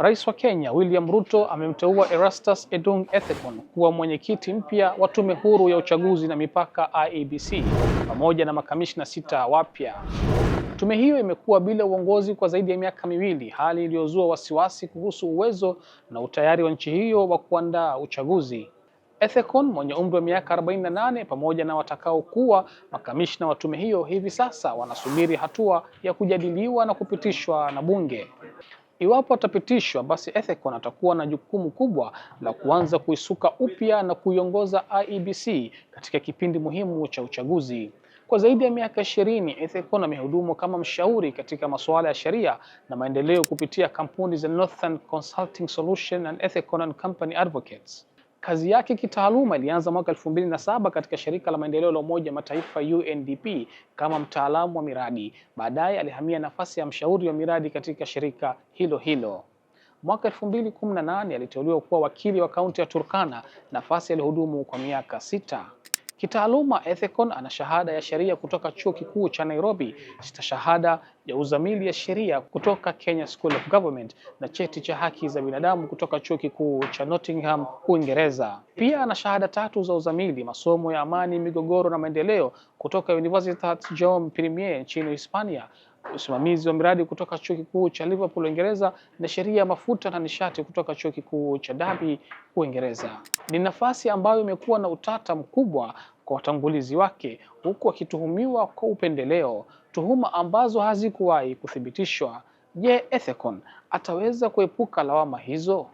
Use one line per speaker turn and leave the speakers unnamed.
Rais wa Kenya William Ruto amemteua Erastus Edung Ethekon kuwa mwenyekiti mpya wa tume huru ya uchaguzi na mipaka IEBC pamoja na makamishna sita wapya. Tume hiyo imekuwa bila uongozi kwa zaidi ya miaka miwili, hali iliyozua wasiwasi kuhusu uwezo na utayari wa nchi hiyo wa kuandaa uchaguzi. Ethekon mwenye umri wa miaka 48 pamoja na watakaokuwa makamishna wa tume hiyo hivi sasa wanasubiri hatua ya kujadiliwa na kupitishwa na bunge. Iwapo atapitishwa, basi Ethekon atakuwa na jukumu kubwa la kuanza kuisuka upya na kuiongoza IEBC katika kipindi muhimu cha uchaguzi. Kwa zaidi ya miaka ishirini Ethekon amehudumu kama mshauri katika masuala ya sheria na maendeleo kupitia kampuni za Northern Consulting Solution and Ethekon and Company Advocates. Kazi yake kitaaluma ilianza mwaka 2007 katika shirika la maendeleo la Umoja Mataifa UNDP kama mtaalamu wa miradi. Baadaye alihamia nafasi ya mshauri wa miradi katika shirika hilo hilo. Mwaka 2018 aliteuliwa kuwa wakili wa kaunti ya Turkana, nafasi aliyohudumu kwa miaka sita. Kitaaluma, Ethekon ana shahada ya sheria kutoka Chuo Kikuu cha Nairobi, stashahada ya uzamili ya sheria kutoka Kenya School of Government na cheti cha haki za binadamu kutoka Chuo Kikuu cha Nottingham, Uingereza. Pia ana shahada tatu za uzamili masomo ya amani, migogoro na maendeleo kutoca Universitat Jaume Premier nchini Hispania usimamizi wa miradi kutoka chuo kikuu cha Liverpool Uingereza na sheria ya mafuta na nishati kutoka chuo kikuu cha Derby Uingereza. Ni nafasi ambayo imekuwa na utata mkubwa kwa watangulizi wake, huku akituhumiwa kwa upendeleo, tuhuma ambazo hazikuwahi kuthibitishwa. Je, Ethekon ataweza kuepuka lawama hizo?